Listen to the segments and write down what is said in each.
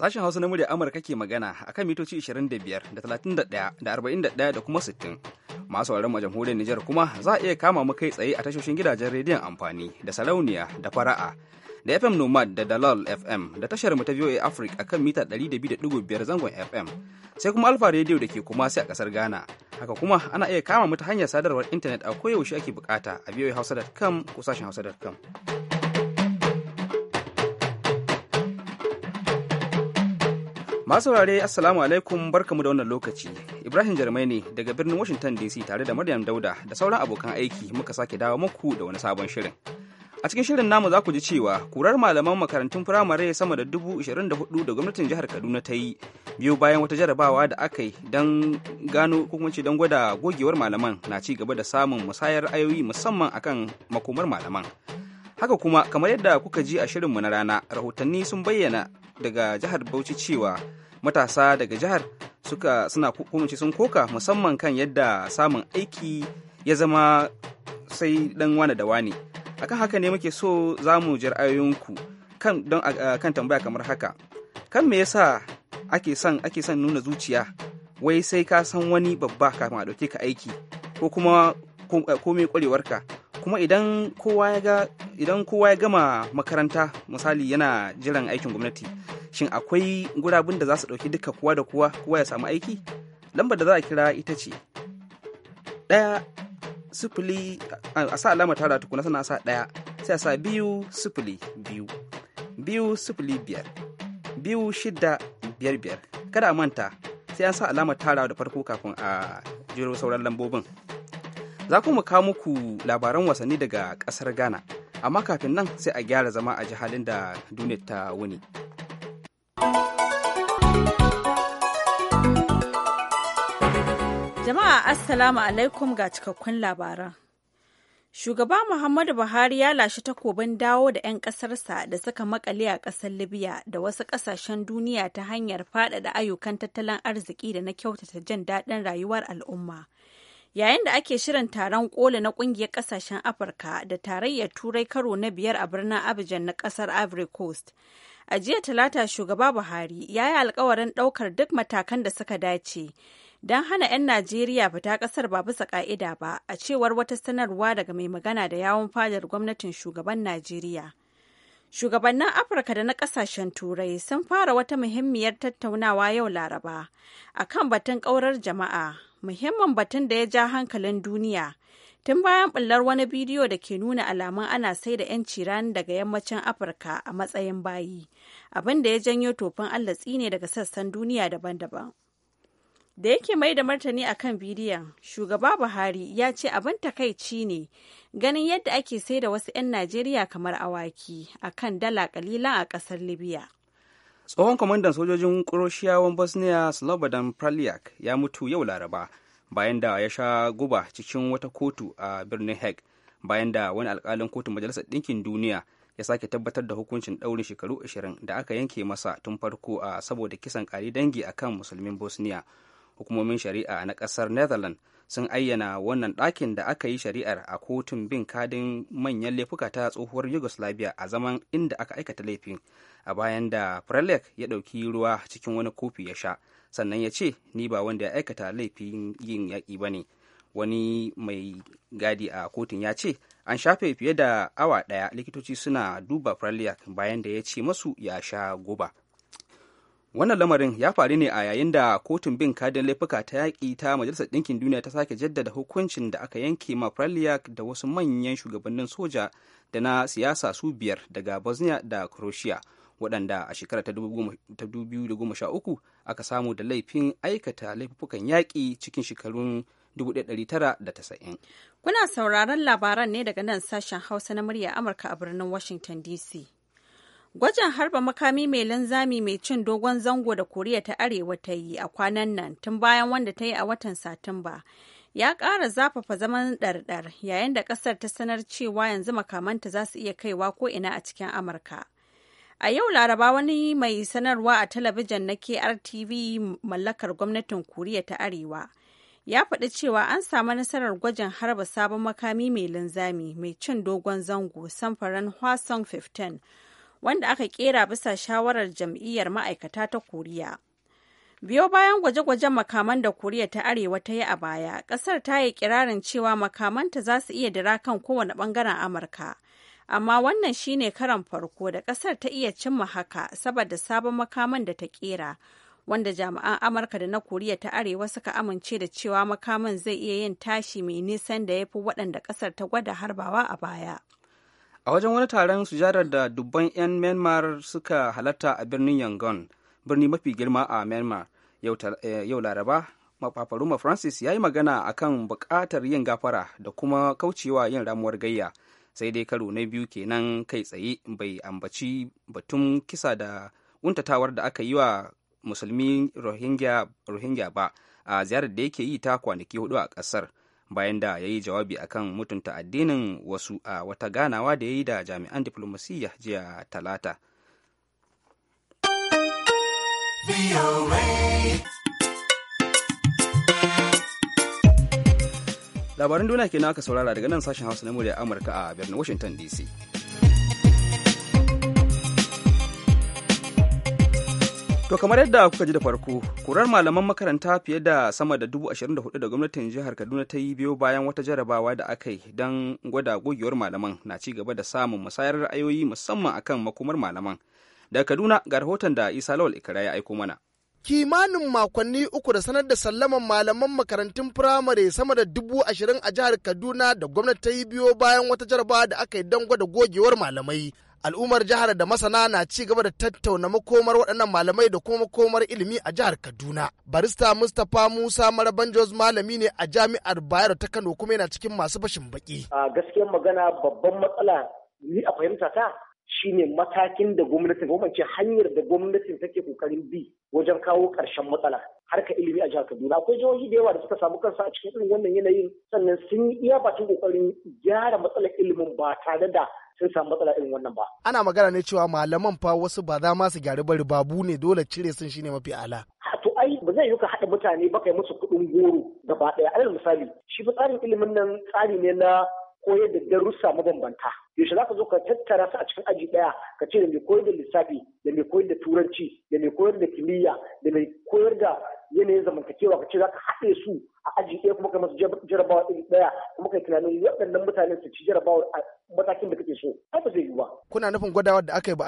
Sashen Hausa na murya Amurka ke magana akan mitoci 25 da 31 da 41 da kuma 60. Masu sauraron jamhuriyar Nijar kuma za a iya kama mu kai tsaye a tashoshin gidajen rediyon amfani da salauniya da fara'a da FM Nomad da Dalal FM da tashar mu ta VOA Africa kan mita 200.5 zangon FM. Sai kuma Alfa Radio da ke kuma sai a kasar Ghana. Haka kuma ana iya kama mu ta hanyar sadarwar intanet a koyaushe ake bukata a voahausa.com ko sashen hausa.com. Masu saurare Assalamu alaikum barkamu da wannan lokaci. Ibrahim Jarmai ne daga birnin Washington DC tare da Maryam Dauda da sauran abokan aiki muka sake dawo muku da wani sabon shirin. A cikin shirin namu za ku ji cewa kurar malaman makarantun firamare sama da dubu ishirin da hudu da gwamnatin jihar Kaduna ta yi biyu bayan wata jarabawa da aka yi don gano ko kuma don gwada gogewar malaman na ci gaba da samun musayar ayoyi musamman akan makomar malaman. Haka kuma kamar yadda kuka ji a shirinmu na rana rahotanni sun bayyana daga jihar Bauchi cewa matasa daga jihar suka suna kumace sun koka musamman kan yadda samun aiki ya zama sai dan wane da wane akan haka ne muke so za mu ji ra'ayoyinku kan don kan tambaya kamar haka kan me yasa ake son ake son nuna zuciya wai sai ka san wani babba kafin a dauke ka aiki ko kuma komai eh, kwarewarka kuma idan kowa ya ga idan kowa ya gama makaranta misali yana jiran aikin gwamnati shin akwai gurabun da za su ɗauki duka kowa da kowa kowa ya samu aiki lambar da za a kira ita ce ɗaya sufuli a sa alama tara tukuna sana sa ɗaya sai a sa biyu sufuli biyu biyu sufuli biyar biyu shida biyar biyar kada a manta sai an sa alama tara da farko kafin a jiro sauran lambobin Za kuma kawo muku labaran wasanni daga ƙasar Ghana, amma kafin nan sai a gyara zama a ji halin da duniya ta wuni. Jama'a Assalamu alaikum ga cikakkun labaran. Shugaba Muhammadu Buhari ya lashe takobin dawo da 'yan ƙasarsa da suka makale a ƙasar Libya da wasu ƙasashen duniya ta hanyar faɗaɗa ayyukan tattalin arziki da na kyautata jan daɗin rayuwar al'umma yayin da ake shirin taron kola na kungiyar kasashen afirka da tarayyar turai karo na biyar a birnin abidjan na kasar ivory coast a jiya talata shugaba buhari ya yi alkawarin daukar duk matakan da suka dace don hana 'yan najeriya fita kasar ba bisa ka'ida ba a cewar wata sanarwa daga mai magana da yawon fadar gwamnatin shugaban najeriya shugabannin afirka da na kasashen turai sun fara wata muhimmiyar tattaunawa yau laraba akan batun kaurar jama'a muhimmin batun da ya ja hankalin duniya tun bayan bullar wani bidiyo da ke nuna alamun ana sai da 'yanci ran daga yammacin afirka a matsayin bayi abin da ya janyo tofin allatsi ne daga sassan duniya daban-daban da yake mai da martani a kan bidiyon shugaba buhari ya ce abin takaici ne ganin yadda ake sai da wasu 'yan najeriya kamar awaki a kan dala kalilan a ƙasar libya tsohon kwamandan sojojin kuroshiyawan bosnia slobodan praliak ya mutu yau laraba bayan da ya sha guba cikin wata kotu a birnin hague bayan da wani alkalin kotun majalisar ɗinkin duniya ya sake tabbatar da hukuncin ɗaurin shekaru 20 da aka yanke masa tun farko a saboda kisan kari dangi akan musulmin bosnia hukumomin shari'a na ƙasar netherlands sun ayyana wannan ɗakin da aka yi shari'ar a kotun bin kadin manyan laifuka ta tsohuwar yugoslavia a zaman inda aka aikata laifin a bayan da prelek ya ɗauki ruwa cikin wani kofi ya sha sannan ya ce ni ba wanda ya aikata laifin yin yaƙi ba ne wani mai gadi a kotun ya ce an shafe fiye da awa ɗaya likitoci suna duba prelek bayan da ya ce masu ya sha guba wannan lamarin ya faru ne a yayin da kotun bin kadin laifuka ta yaƙi ta majalisar ɗinkin duniya ta sake jaddada hukuncin da aka yanke ma praliak da wasu manyan shugabannin soja da na siyasa su biyar daga bosnia da croatia waɗanda a shekarar ta 2013 aka samu da laifin aikata laifukan yaƙi cikin shekarun 1990. Kuna sauraron labaran ne daga nan sashen Hausa na murya Amurka a birnin Washington DC. Gwajin harba makami mai linzami mai cin dogon zango da Koriya ta Arewa ta yi a kwanan nan tun bayan wanda ta yi a watan Satumba. Ya ƙara zafafa zaman ɗarɗar yayin da ƙasar ta sanar cewa yanzu makamanta za su iya kaiwa ko ina a cikin Amurka. A yau Laraba wani mai sanarwa a talabijin na KRTV mallakar gwamnatin Koriya ta Arewa. ya faɗi cewa an samu nasarar gwajin harba sabon makami mai linzami mai cin dogon zango samfuran Hwasong 15 wanda aka kera bisa shawarar jam'iyyar ma'aikata ta koriya biyo bayan gwaje-gwajen makaman da koriya ta arewa ta yi a baya kasar ta yi kirarin cewa makamanta za su iya dira kan kowane bangaren amurka amma wannan shine karan farko da kasar ta iya cimma haka saboda sabon makaman da ta kera wanda jami'an amurka da na koriya ta arewa suka amince da cewa makaman zai iya yin tashi mai nisan da ya fi waɗanda kasar ta gwada harbawa a baya a wajen wani taron sujadar da dubban 'yan myanmar suka halatta a birnin yangon birni mafi girma a myanmar yau eh, laraba mafafaruma francis ya yi magana kan buƙatar yin gafara da kuma kaucewa yin ramuwar gayya sai dai karo na biyu kenan kai tsaye bai ambaci batun kisa da wuntatawar da aka yi wa musulmi rohingya ba a ziyarar da yake yi ta kwanaki hudu a ƙasar bayan da ya yi jawabi akan mutunta addinin wasu a wata ganawa da ya yi da jami'an diflomasiyya jiya talata. Labaran duniya kenan aka saurara daga nan sashen Hausa na murya Amurka a birnin Washington DC. To kamar yadda kuka ji da farko, kurar malaman makaranta fiye da sama da dubu ashirin da hudu da gwamnatin jihar Kaduna ta yi biyo bayan wata jarabawa da aka yi don gwada gogewar malaman na ci gaba da samun musayar ra'ayoyi musamman akan makomar malaman. Daga Kaduna ga rahoton da Isa Lawal ikara ya aiko mana. kimanin makonni uku da sanar da sallaman malaman makarantun firamare sama da dubu ashirin a jihar kaduna da gwamnati ta yi biyo bayan wata jarabawa da aka yi don gwada gogewar malamai al'ummar jihar da masana na ci gaba da tattauna makomar waɗannan malamai da kuma makomar ilimi a jihar kaduna barista mustapha musa maraban jos malami ne a jami'ar bayero ta kano kuma yana cikin masu bashin baki a gaskiyar magana babban matsala ni a fahimta ta shine matakin da gwamnatin ko ce hanyar da gwamnatin take kokarin bi wajen kawo ƙarshen matsala harka ilimi a jihar Kaduna akwai jihohi da yawa da suka samu kansu a cikin irin wannan yanayin sannan sun yi iya bakin kokarin gyara matsalar ilimin ba tare da sun samu matsala irin wannan ba. Ana magana ne cewa malaman fa wasu ba za ma su gyaru bari babu ne dole cire sun shine mafi ala. To ai ba zai yi ka haɗa mutane ba kai musu kuɗin goro gaba ɗaya. Alal misali shi fa tsarin ilimin nan tsari ne na koyar da darussa mabambanta. Yaushe za ka zo ka tattara su a cikin aji ɗaya ka ce da mai koyar da lissafi da mai koyar da turanci da mai koyar da kimiyya da mai koyar da yanayin zamantakewa ka ce za ka haɗe su a aji ɗaya kuma kai masu jarabawa ɗin ɗaya kuma kai tunanin waɗannan mutanen su ci jarabawa a matakin da kake so ai ba zai yi ba. kuna nufin gwadawar da aka yi ba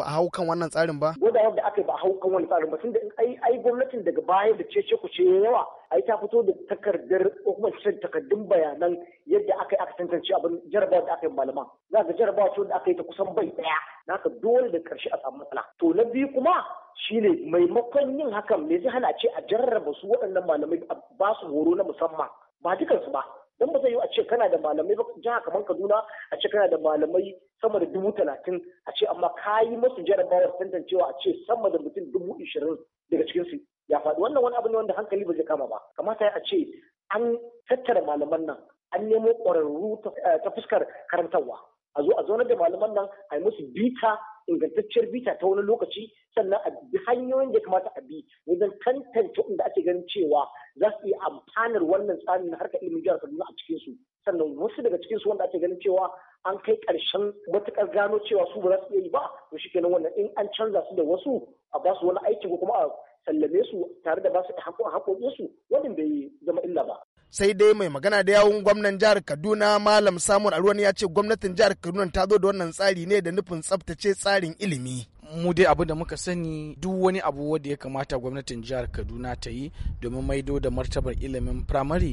a hau kan wannan tsarin ba. gwadawar da aka yi ba a hau kan wannan tsarin ba tun da ai ai gwamnatin daga baya da cece ku ce yawa ai ta fito da takardar ko kuma takardun bayanan yadda aka yi aka tantance abin jarabawa da aka yi malama. za ga jarabawa ce da aka yi ta kusan bai ɗaya na dole da karshe a samu matsala to na biyu kuma shine maimakon yin hakan me zai hana ce a jarraba su waɗannan malamai ba su horo na musamman ba dukansu ba don ba zai yi a ce kana da malamai ba jiha kamar kaduna a ce kana da malamai sama da dubu talatin a ce amma ka yi masu jarabawar tantancewa a ce sama da mutum dubu ishirin daga cikinsu ya faɗi wannan wani abu ne wanda hankali ba zai kama ba kamata a ce an tattara malaman nan an nemo ƙwararru eh, ta fuskar karantarwa a zo a zaunar da malaman nan a yi musu bita ingantacciyar bita ta wani lokaci sannan a bi hanyoyin da kamata a bi wajen tantance inda ake ganin cewa za su iya amfanar wannan tsarin na harkar ilimin jihar Kaduna a cikin su sannan wasu daga cikin su wanda ake ganin cewa an kai ƙarshen matuƙar gano cewa su ba za su iya yi ba to shikenan wannan in an canza su da wasu a ba su wani aiki ko kuma a sallame su tare da ba su haƙoƙin su wannan bai zama illa ba sai dai mai magana da yawun gwamnan jihar kaduna malam samun aruwan ya ce gwamnatin jihar kaduna ta zo da wannan tsari ne da nufin tsabtace tsarin ilimi mu dai abu da muka sani duk wani abu wanda ya kamata gwamnatin jihar kaduna ta yi domin maido da martabar ilimin firamare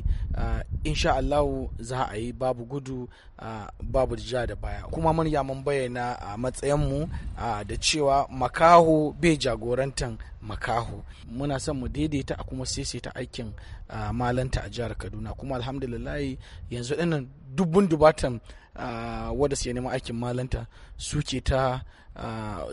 insha allahu za a yi babu gudu babu jihar da baya kuma mun ya mun bayyana a matsayinmu da cewa makaho bai jagorantan makaho muna son mu daidaita a kuma saisaita aikin malanta a jihar kaduna kuma alhamdulillah yanzu dinnan dubun dubatan wadda su neman aikin malanta suke ta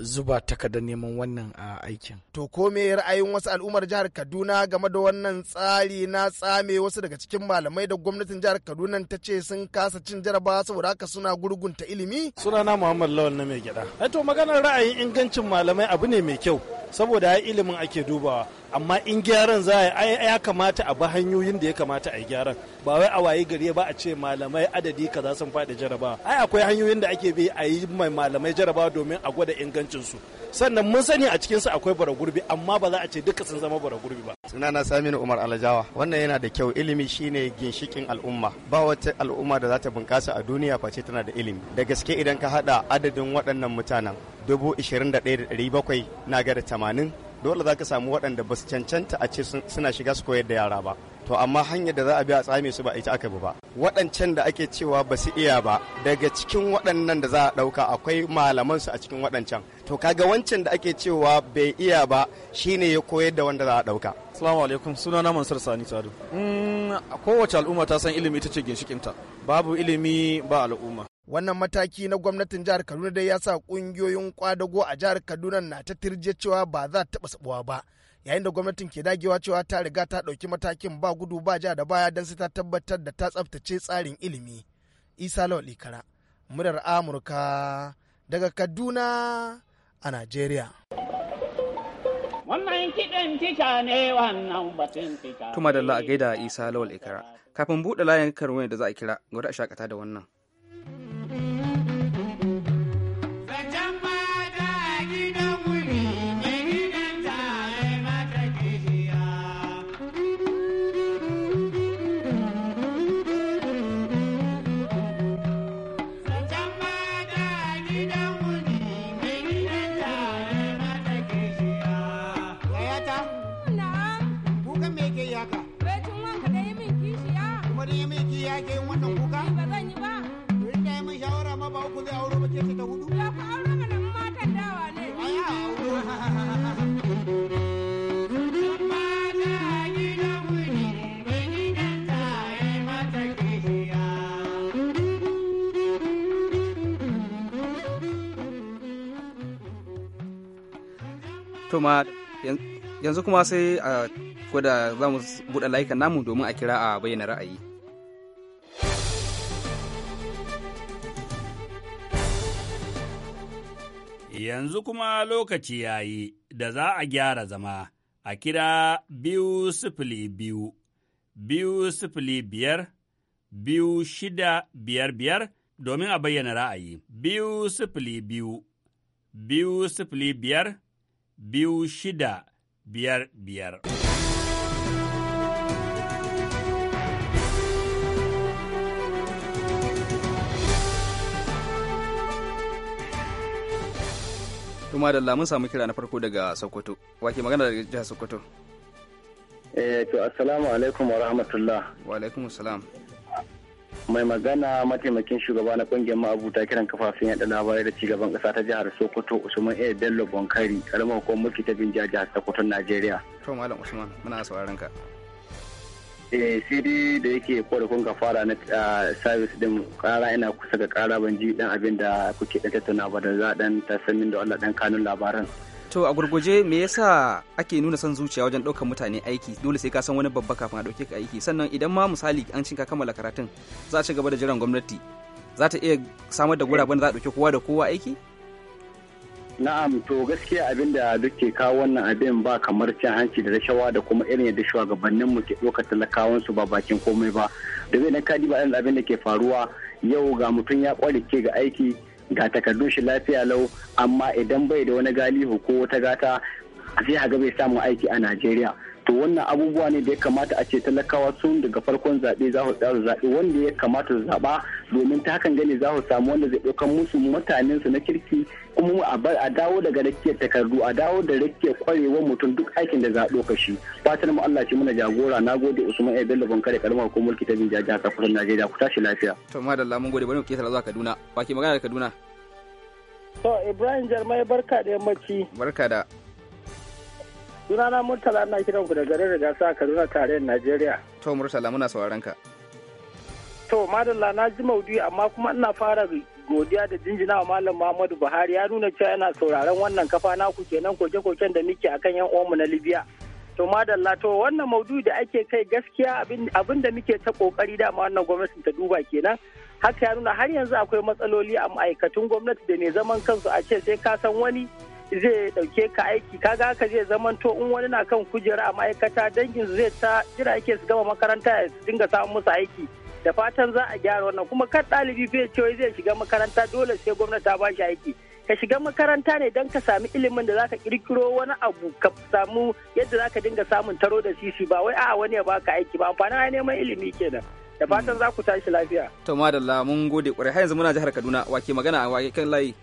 zuba takardar neman wannan aikin. To ko me ra'ayin wasu al'ummar jihar Kaduna game da wannan tsari na tsame wasu daga cikin malamai da gwamnatin jihar Kaduna ta ce sun kasa cin jaraba saboda haka suna gurgunta ilimi? Sunana Muhammad Lawal na mai gyada. Eh, to maganar ra'ayin ingancin malamai abu ne mai kyau saboda ilimin ake dubawa amma in gyaran za a ya kamata a ba hanyoyin da ya kamata a yi gyaran ba wai a wayi gari ba a ce malamai adadi kaza sun faɗi jaraba ai akwai hanyoyin da ake bi a yi mai malamai jaraba domin a gwada ingancin su sannan mun sani a cikinsu akwai baragurbi amma ba za a ce duka sun zama bara gurbi ba sunana Saminu Umar Alajawa wannan yana da kyau ilimi shine ginshikin al'umma ba wata al'umma da za ta bunƙasa a duniya face tana da ilimi da gaske idan ka hada adadin waɗannan mutanen dubu ishirin da ɗaya da ɗari bakwai na ga da tamanin dole za ka samu waɗanda ba su cancanta a ce suna shiga su koyar da yara ba to amma hanyar da za a bi a tsame su ba ita aka bi ba waɗancan da ake cewa ba su iya ba daga cikin waɗannan da za a ɗauka akwai malaman su a cikin waɗancan to kaga wancan da ake cewa bai iya ba shine ya koyar da wanda za a ɗauka Assalamu alaikum sunana Mansur Sani Sadu. Mm, kowace al'umma ta san ilimi ita ce ginshikinta. Babu ilimi ba al'umma. wannan mataki na gwamnatin jihar kaduna dai ya sa kungiyoyin kwadago a jihar kaduna na ta tirje cewa ba za ta taba sabuwa ba yayin da gwamnatin ke dagewa cewa ta riga ta ɗauki matakin ba gudu ba ja da baya don sai ta tabbatar da ta tsaftace tsarin ilimi isa lawal ikara murar amurka daga kaduna a najeriya wannan kiɗin tica ne wannan batun tica tuma da a gaida isa lawal ikara kafin buɗe layin karwani da za a kira gwada a shakata da wannan to ma yanzu kuma sai a gwada za mu buɗe layukan namu domin a kira a bayyana ra'ayi yanzu kuma lokaci ya yi da za a gyara zama a kira biyu sifili biyu, biyu sifili biyar, biyu shida biyar biyar domin a bayyana ra'ayi, biyu sifili biyu, biyu sifili biyar, biyu shida biyar biyar. Tuma da lamun samu kira na farko daga Sokoto. Wake magana daga jihar Sokoto. Eh to assalamu alaikum wa rahmatullah. Wa alaikum assalam. mai magana mataimakin shugaba na kungiyar ma'abuta kiran kafafen yada labarai da cigaban kasa ta jihar sokoto usman a bello bonkari karamar kuma mulki ta jaji a sokoto najeriya to malam usman muna sauraron ka eh sai dai da yake korafin ka fara na ah, service din kara ina kusa ga kara ban ji dan abin da kuke da tattauna ba da za dan tasamin da Allah dan kanun labaran to a gurguje me yasa ake nuna son zuciya wajen ɗaukar mutane aiki dole sai ka san wani babba kafin a ɗauke ka aiki sannan idan ma misali an cin ka kammala karatun za a ci gaba da jiran gwamnati za ta iya samar da guraben da za a ɗauke kowa da kowa aiki Na'am to gaskiya abin da duke kawo wannan abin ba kamar cin hanci da rashawa da kuma irin yadda shugabannin mu ke ɗaukar talakawan su ba bakin komai ba. Da zai na kadi ba abin da ke faruwa yau ga mutum ya kware ke ga aiki ga takardun shi lafiya lau amma idan bai da wani galihu ko wata gata sai a ga bai samu aiki a najeriya to wannan abubuwa ne da ya kamata a ce talakawa sun daga farkon zaɓe za su tsara zaɓe wanda ya kamata su zaɓa domin ta hakan gani za su samu wanda zai ɗaukan musu mutanensu na kirki kuma a dawo daga rakiyar takardu a dawo da rakiyar kwarewar mutum duk aikin da za a ɗauka shi fatan mu Allah shi muna jagora na gode Usman Abel da Bankare karamar hukumar mulki ta Binja jihar Kafin Najeriya ku tashi lafiya to madalla mun gode bari mu ketara zuwa Kaduna wa ke magana da Kaduna to Ibrahim Jarmai barka da yammaci barka da sunana Murtala na kiran ku da garin sa, Kaduna tare Najeriya to Murtala muna sauraron ka to madalla na ji Maudu, amma kuma ina fara godiya da jinjina wa Malam Muhammadu Buhari ya nuna cewa yana sauraron wannan kafa na naku kenan koke-koken da muke akan yan uwanmu na Libya. To madalla to wannan maudu da ake kai gaskiya abin da muke ta kokari dama wannan gwamnati ta duba kenan. Haka ya nuna har yanzu akwai matsaloli a ma'aikatun gwamnati da ne zaman kansu a ce sai ka san wani zai dauke ka aiki kaga haka zai zaman to in wani na kan kujera a ma'aikata dangin zai ta jira yake su gama makaranta ya dinga samun musu aiki. da fatan za a gyara wannan kuma kan ɗalibi bai cewa zai shiga makaranta dole sai gwamnati ta ba shi aiki ka shiga makaranta ne don ka sami ilimin da zaka kirkiro wani abu ka samu yadda zaka dinga samun taro da sisi ba wai a'a wani ya baka aiki ba amfanin ai neman ilimi kenan da fatan za ku tashi lafiya to madalla mun gode kwarai har yanzu muna jihar Kaduna wake magana a wake kan layi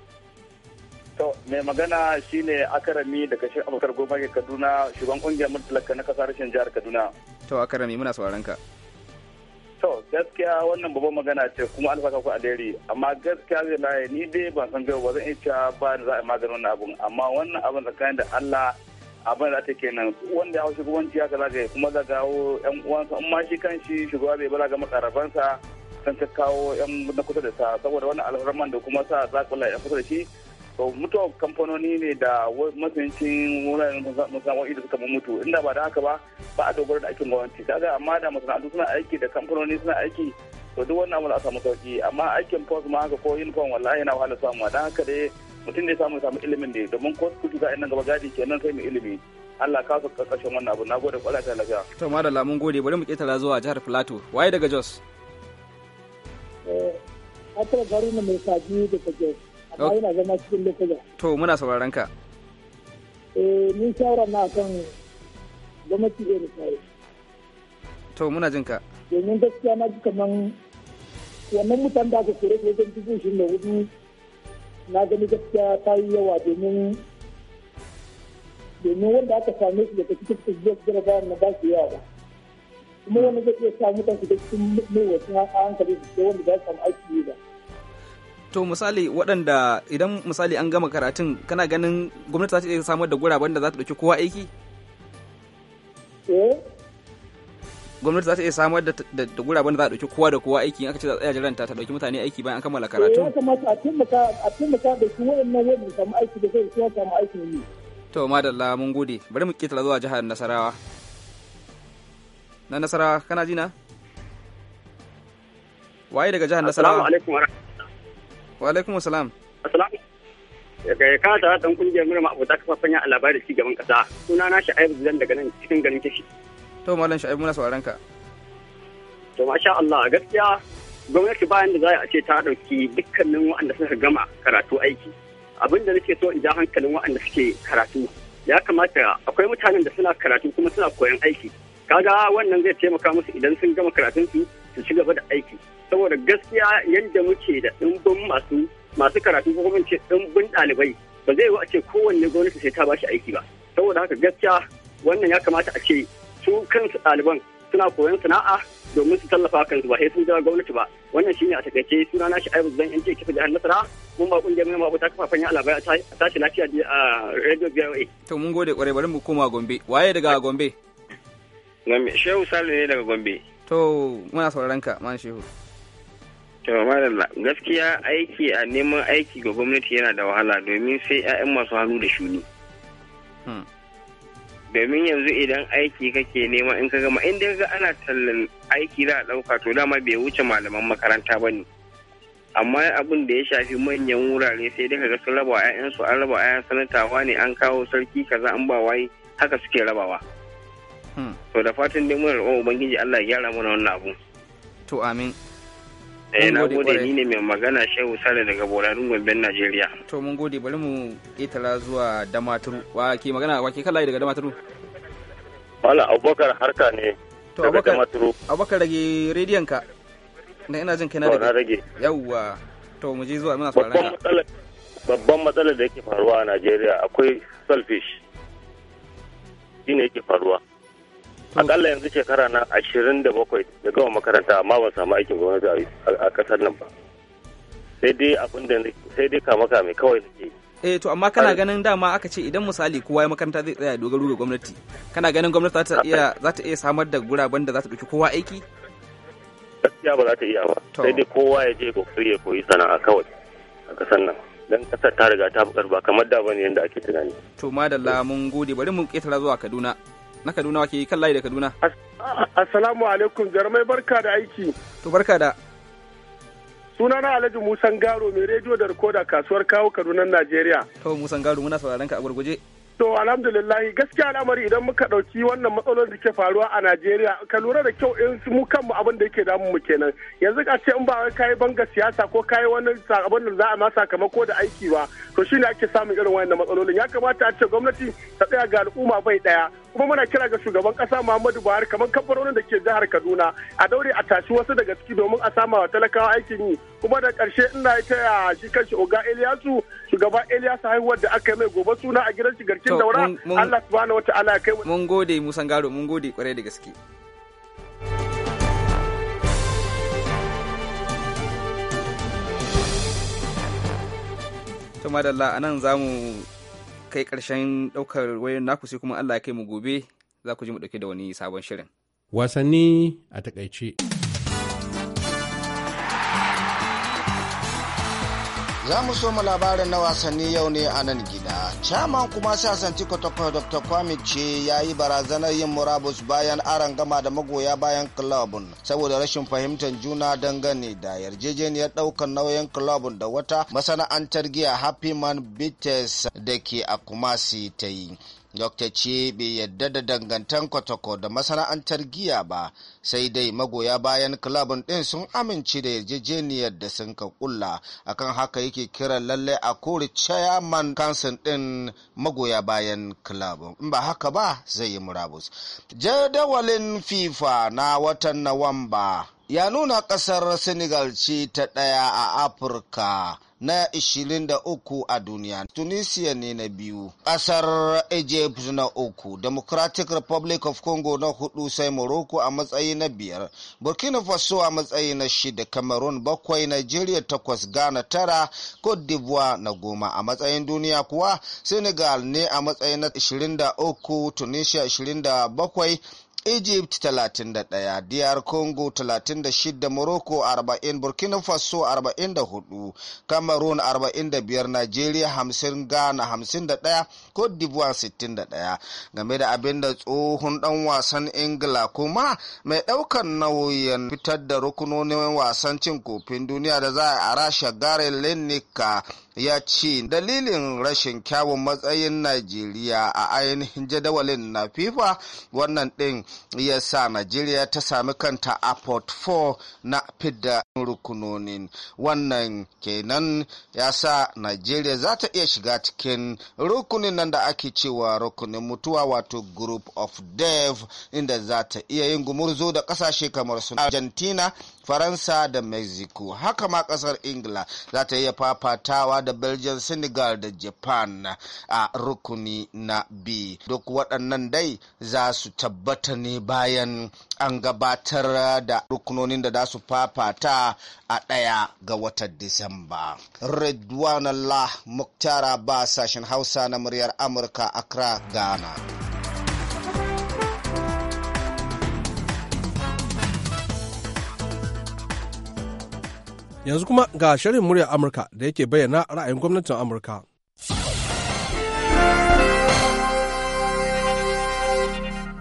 to mai magana shine akarami daga shi abokar goma Kaduna shugaban kungiyar mutalaka na kasar jihar Kaduna to akarami muna sauraron ka to gaskiya wannan babban magana ce kuma an ku a dare amma gaskiya zai laye ni dai ban san gaba zan iya cewa ba da za a maganin wannan abun amma wannan abun tsakanin da Allah abin da take kenan wanda ya wasu gubanci ya kaza ga kuma ga gawo yan uwansa in ma shi kan shi shugaba bai bala ga makarabansa san ta kawo yan na kusa da sa saboda wannan alhurman da kuma sa zakula ya kusa da shi to mutuwa kamfanoni ne da masancin wuraren masana'o'i da suka mutu inda ba da haka ba ba a dogara da aikin gwamnati kaga amma da masana'antu suna aiki da kamfanoni suna aiki to duk wannan abu a samu sauki amma aikin post ma haka ko uniform wallahi yana wahala samuwa don haka dai mutum ne samu samu ilimin da domin ko kuka za a nan gaba gadi kenan sai mu ilimi Allah ka saka kashin wannan abu nagode kwala ta lafiya to da lamun gode bari mu ketara zuwa jihar Plateau waye daga Jos eh Atara garin mai saji daga Jos amma yana zama cikin lokuta to muna sauraron ka eh ni shawara na kan gwamnati da rufaye to muna jin ka domin gaskiya na ji kaman wannan mutan da aka kore wajen dubu shi da hudu na gani gaskiya ta yi yawa domin domin wanda aka same shi ta cikin tsibiyar jarabawa na ba su yawa ba kuma wani zai iya sa mutane da cikin mai wasu hankali da wanda za su samu aiki yi ba to misali waɗanda idan misali an gama karatun kana ganin gwamnati za ta iya samar da guraben da za ta ɗauki kowa aiki? Eh? gwamnati za ta iya samar da guraben da za ta ɗauki kowa da kowa aiki aka ce za a tsaya jiranta ta ɗauki mutane aiki bayan an kammala eh, karatu. ya kamata a taimaka a taimaka da su waɗannan wanda samu aiki da zai kuma samu aiki ne. to madalla mun gode bari mu ketara zuwa jihar nasarawa. na nasarawa kana ji na? waye daga jihar nasarawa? assalamu alaikum Wa alaikum salam. Assalamu ya ta dan kungiyar murma abota fanya a labari ci gaban kasa suna na sha'ibu zan daga nan cikin garin kishi to malam sha'ibu muna sauraron ka to masha Allah gaskiya gwamnati bayan da za a ce ta dauki dukkanin waɗanda suka gama karatu aiki abin da nake so in ja hankalin waɗanda suke karatu ya kamata akwai mutanen da suna karatu kuma suna koyon aiki kaga wannan zai taimaka musu idan sun gama karatun su su ci gaba da aiki saboda gaskiya yadda muke da ɗumbin masu masu karatu ko kuma ce ɗumbin ɗalibai ba zai a ce kowanne gwamnati sai ta bashi aiki ba saboda haka gaskiya wannan ya kamata a ce su kansu ɗaliban suna koyon sana'a domin su tallafa kansu ba sai sun jira gwamnati ba wannan shine a takaice suna na ayyuka zan in ce kifa jihar nasara mun ba kungiyar mai mabuta kafafen ya labarai a tashi lafiya a radio voa to mun gode kwarai bari mu koma gombe waye daga gombe gombe shehu salu ne daga gombe to muna sauraron ka man shehu gaskiya aiki a neman aiki ga gwamnati yana da wahala domin sai 'ya'yan masu hannu da shuni. Hmm. Domin yanzu idan aiki kake nema in ka gama inda ga ana tallan aiki za a ɗauka to dama bai wuce malaman makaranta ba ne. Amma abin da ya shafi manyan wurare sai dai ga sun raba 'ya'yansu an raba 'ya'yan sanatawa ne an kawo sarki kaza an ba wai haka suke rabawa. Hmm. To da fatan dai muna roƙon Ubangiji Allah ya gyara mana wannan abu. To amin. Eh na gode ni ne mai magana Shehu sare daga Borarin Gombe Najeriya. To mun gode bari mu ketala zuwa Damaturu. Wa ke magana wa ke kallaye daga Damaturu? wala Abubakar harka ne. To Abubakar Damaturu. Abubakar rage rediyon ka. Na ina jin kai na rage. Yawwa. To mu je zuwa muna sauraron Babban matsalar da yake faruwa a Najeriya akwai selfish. Shi ne yake faruwa. akalla yanzu shekara na ashirin da bakwai da gama makaranta amma ban samu aikin gwamnati a kasar nan ba sai dai abin da sai dai kama kame kawai nake eh to amma kana ganin dama aka ce idan misali kowa ya makaranta zai tsaya dogaro ga gwamnati kana ganin gwamnati za ta iya za ta iya samar da guraben da za ta dauki kowa aiki gaskiya ba za ta iya ba sai dai kowa ya je ko ya koyi sana'a kawai a kasar nan dan kasar ta riga ta bukar ba kamar da bane yanda ake tunani to madalla mun gode bari mu ketara zuwa Kaduna na Kaduna wake kan layi da Kaduna. Assalamu alaikum jarumai barka da aiki. To barka da. Sunana Alhaji Musan Garo mai rediyo da rikoda kasuwar kawo Kaduna Najeriya. To Musan Garo muna sauraron ka a gurguje. To alhamdulillah gaskiya al'amari idan muka ɗauki wannan matsalolin da ke faruwa a Najeriya ka lura da kyau in mu kanmu abin da yake damu mu kenan yanzu ka ce in ba wai kai banga siyasa ko kai wani abin da za a ma sakamako da aiki ba to shine ake samun irin wannan matsalolin ya kamata a ce gwamnati ta tsaya ga al'umma bai daya kuma muna kira ga shugaban kasa Muhammadu Buhari kamar kabarorin da ke jihar Kaduna a daure a tashi wasu daga ciki domin a sama wa talakawa aikin yi kuma da karshe ina ita ya shi kanshi oga Eliyasu shugaba eliyasu haihuwar da aka yi mai gobe suna a gidan shi garkin daura Allah subhanahu wa ya kai mun gode Musan Garo mun gode kwarai da gaske to madalla anan zamu kai karshen ɗaukar wayar naku sai kuma Allah ya kai mu gobe za ku ji mu ɗauki da wani sabon shirin wasanni a takaice Za mu so mu labarin na wasanni yau ne a nan gida. Chairman kuma sasanci kwatakwa Dr. Kwame ce ya yi barazanar yin murabus bayan aron gama da magoya bayan kulabun saboda rashin fahimtar juna dangane da yarjejeniyar ɗaukar nauyin kulabun da wata masana'antar giya Happy Man Bites da ke a Kumasi ta yi. Dr. ce bai yadda da dangantan kwatako da masana'antar giya ba sai dai magoya bayan kilabun ɗin sun amince da yarjejeniyar da sun ka kulla akan haka yake kira lallai a kori chairman kansin ɗin magoya bayan kilabun. in ba haka ba zai yi murabus jadawalin fifa na watan nawamba ya nuna ƙasar senegal ce ta ɗaya a afirka na 23 a duniya. Tunisia ne na biyu, ƙasar Egypt na uku, Democratic Republic of Congo na hudu sai Morocco a matsayi na biyar, Burkina Faso a matsayi na shida, Cameroon bakwai, Nigeria takwas, Ghana tara, Cote d'Ivoire na goma. A matsayin duniya kuwa Senegal ne a matsayi na 23, Tunisia 27, egypt 31 diyar congo 36 morocco 40 burkina faso 44 cameroon 45 nigeria 50 ghana 51 cote d'ivoire 61 game da abin da tsohon dan wasan ingila kuma mai daukan nauyin fitar da rukunonin wasan cin kofin duniya da za a rasha gare lenika ya ce dalilin rashin kyawun matsayin najeriya a ainihin jadawalin na fifa wannan ɗin ya sa najeriya ta sami kanta a port 4 na fidda rukunonin wannan kenan ya sa najeriya za ta iya shiga cikin rukunin nan da ake cewa rukunin mutuwa wato group of dev inda za ta iya yin gumurzo da ƙasashe kamar su argentina faransa da mexico haka ma kasar ingila za ta iya fafatawa da belgium senegal da japan a rukuni na b duk waɗannan dai za su tabbata ne bayan an gabatar da rukunonin da za su fafata a ɗaya ga watan disamba redwan allah muktara ba sashen hausa na muryar amurka accra ghana Yanzu kuma ga shirin murya Amurka da yake bayyana ra'ayin gwamnatin Amurka.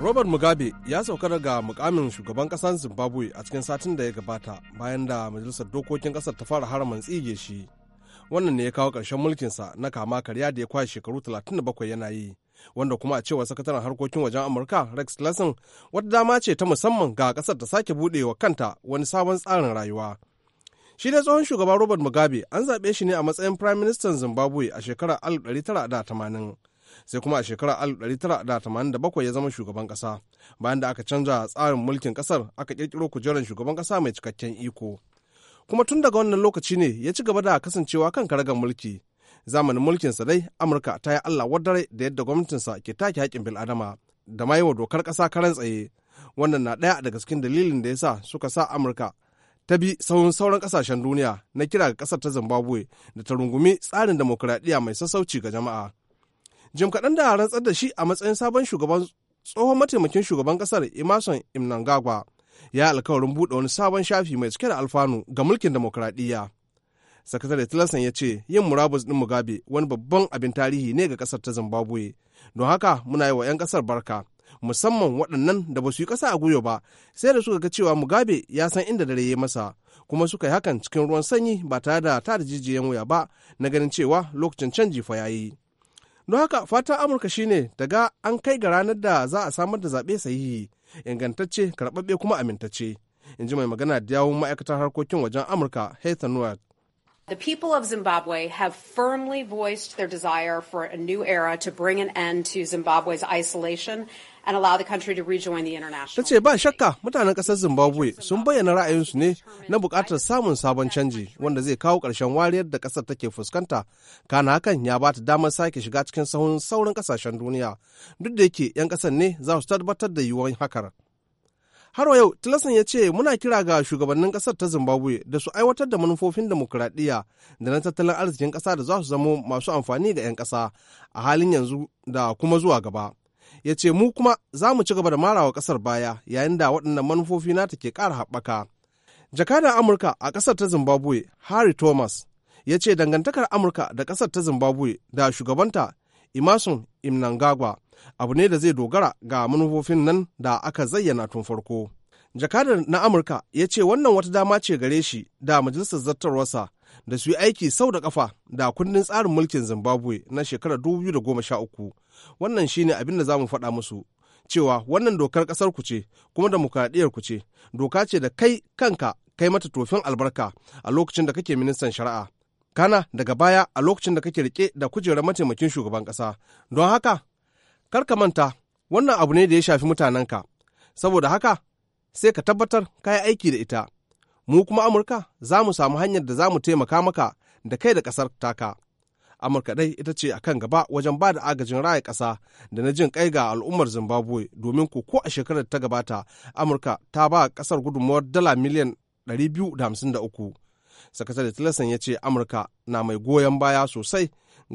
Robert Mugabe ya sauka daga mukamin shugaban kasar Zimbabwe a cikin satin da ya gabata bayan da majalisar dokokin kasar ta fara haraman tsige shi. Wannan ne ya kawo ƙarshen mulkinsa na kama karya da ya kwashe shekaru 37 yana yi, wanda kuma a cewa sakataren harkokin wajen Amurka Rex Tillerson wata dama ce ta musamman ga kasar ta sake wa kanta wani sabon tsarin rayuwa Shi da tsohon shugaban Robert Mugabe an zaɓe shi ne a matsayin Prime Minister Zimbabwe a shekarar 1980 sai kuma a shekarar 1987 ya zama shugaban ƙasa bayan da aka canza tsarin mulkin ƙasar aka ƙirƙiro kujerar shugaban ƙasa mai cikakken iko. Kuma tun daga wannan lokaci ne ya ci gaba da kasancewa kan karagar mulki. Zamanin mulkin sa dai Amurka ta yi Allah wadare da yadda gwamnatinsa ke take haƙƙin bil'adama da ma yi wa dokar ƙasa karan tsaye. Wannan na ɗaya daga cikin dalilin da ya sa suka sa Amurka ta bi sauran sauran kasashen duniya na kira ga kasar ta zimbabwe da ta rungumi tsarin demokuraɗiyya mai sassauci ga jama'a jim kaɗan da rantsar da shi a matsayin sabon shugaban tsohon mataimakin shugaban kasar emerson imnangagwa ya alkawarin buɗe wani sabon shafi mai cike da alfanu ga mulkin demokuraɗiyya sakatare tilerson ya ce yin murabus ɗin mugabe wani babban abin tarihi ne ga kasar ta zimbabwe don haka muna yi wa 'yan kasar barka musamman waɗannan da ba su yi ƙasa a gwiwa ba sai da suka ga cewa mugabe ya san inda dare ya masa kuma suka yi hakan cikin ruwan sanyi ba tare da tada jijiyan wuya ba na ganin cewa lokacin canji fa yayi don haka fatan amurka shine daga an kai ga ranar da za a samar da zaɓe sahihi ingantacce karɓaɓɓe kuma amintacce in ji mai magana da yawun ma'aikatar harkokin wajen amurka heather newell The people of Zimbabwe have firmly voiced their desire for a new era to bring an end to Zimbabwe's isolation and allow the country to rejoin the international. Tace ba shakka mutanen kasar Zimbabwe sun bayyana ra'ayinsu ne na bukatar samun sabon canji wanda zai kawo ƙarshen wariyar da ƙasar take fuskanta. Kana hakan ya ba ta damar sake shiga cikin sahun sauran kasashen duniya duk da yake 'yan ƙasar ne za su tabbatar da yiwuwar hakar. har yau tilasan ya ce muna kira ga shugabannin kasar ta zimbabwe da su aiwatar da manufofin demokuraɗiyya da na tattalin arzikin ƙasa da za su zamo masu amfani ga 'yan ƙasa a halin yanzu da kuma zuwa gaba ya ce mu kuma za mu ci gaba da marawa kasar baya yayin da waɗannan manufofi nata ke ƙara haɓaka jakadan amurka a ƙasar ta zimbabwe harry thomas ya ce dangantakar amurka da ƙasar ta zimbabwe da shugabanta imasun imnangagwa abu ne da zai dogara ga manufofin nan da aka zayyana tun farko jakadar na amurka ya ce wannan wata dama ce gare shi da majalisar zartarwarsa da su yi aiki sau da kafa da kundin tsarin mulkin zimbabwe na shekarar 2013 wannan shine abin da za mu faɗa musu cewa wannan dokar ƙasar ku ce kuma demokradiyyar ku ce doka ce da kai kanka kai mata tofin albarka a lokacin da kake ministan shari'a kana daga baya a lokacin da kake rike da kujerar mataimakin shugaban ƙasa don haka kar ka manta wannan abu ne da ya shafi mutanen ka saboda haka sai ka tabbatar ka yi aiki da ita mu kuma Amurka za mu samu hanyar da za mu taimaka maka da kai da ƙasar taka. Amurka dai ita ce a kan gaba wajen ba da agajin raya ƙasa da na jin kai ga al'ummar Zimbabwe domin ko ko a shekarar ta gabata Amurka ta ba ƙasar gudunmuwar dala miliyan 253. Sakatare tilasan ya ce Amurka na mai goyon baya sosai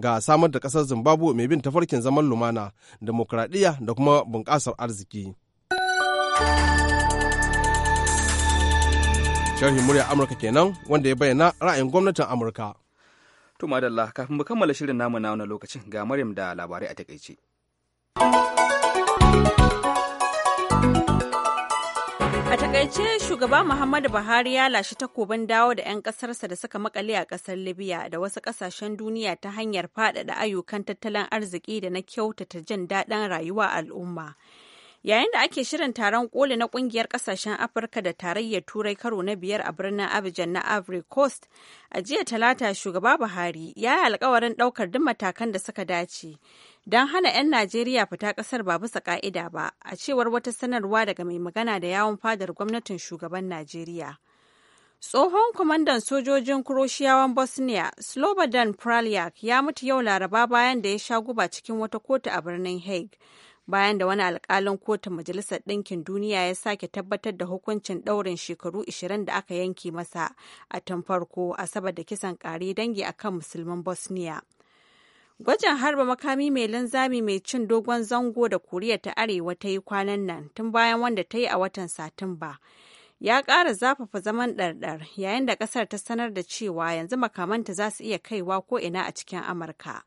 ga samar da ƙasar Zimbabwe mai bin tafarkin zaman lumana, demokradiyya da kuma bunƙasar arziki. sharhin murya amurka kenan wanda ya bayyana ra'ayin gwamnatin amurka to madalla kafin mu kammala shirin namu na wannan lokacin ga maryam da labarai a takaice A takaice shugaba Muhammadu Buhari ya lashe takobin dawo da 'yan ƙasarsa da suka makale a ƙasar Libya da wasu ƙasashen duniya ta hanyar faɗaɗa ayyukan tattalin arziki da na kyautata jin daɗin rayuwa al'umma. yayin da ake shirin taron koli na kungiyar kasashen afirka da tarayyar turai karo na biyar a birnin abidjan na ivory coast a jiya talata shugaba buhari ya yi alkawarin daukar duk matakan da suka dace don hana 'yan najeriya fita kasar ba bisa ka'ida ba a cewar wata sanarwa daga mai magana da yawon fadar gwamnatin shugaban najeriya tsohon kwamandan sojojin kuroshiyawan bosnia slobodan pralyak ya mutu yau laraba bayan da ya sha guba cikin wata kotu a birnin hague bayan da wani alkalin kotun majalisar ɗinkin duniya ya sake tabbatar da hukuncin ɗaurin shekaru 20 da aka yanke masa a tun farko asabar da kisan ƙare dangi a kan musulman bosnia gwajin harba makami mai linzami mai cin dogon zango da koriya ta arewa ta yi kwanan nan tun bayan wanda ta yi a watan satumba ya ƙara zafafa zaman ɗarɗar yayin da ƙasar ta sanar da cewa yanzu makamanta za su iya kaiwa ko ina a cikin amurka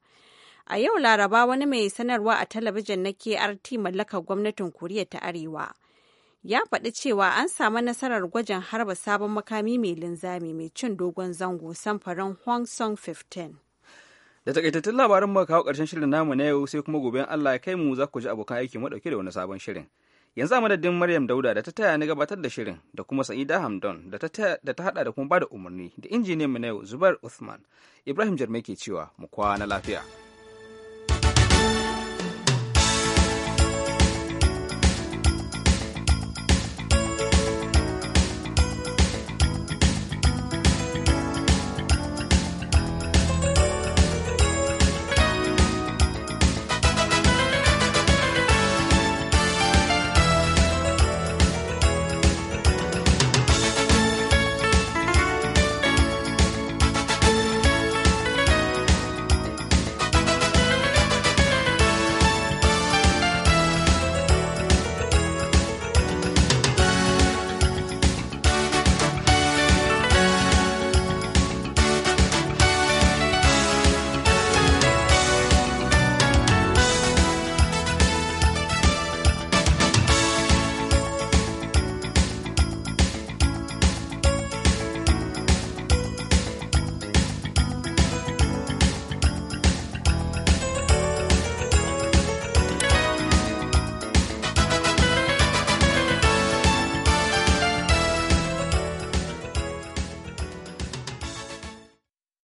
A yau Laraba wani mai sanarwa a talabijin na KRT mallakar gwamnatin Koriya ta Arewa. Ya faɗi cewa an samu nasarar gwajin harba sabon makami mai linzami mai cin dogon zango samfarin hwang-song 15. Da takaitattun labarin mu kawo ƙarshen shirin namu na yau sai kuma gobe Allah ya kai mu za ku ji abokan aiki mu dauke da wani sabon shirin. Yanzu a madadin Maryam Dauda da ta taya ni gabatar da shirin da kuma Sa'ida Hamdon da ta hada da kuma bada umarni da injiniyan mu na yau Zubair Uthman. Ibrahim Jarme ke cewa mu kwana lafiya.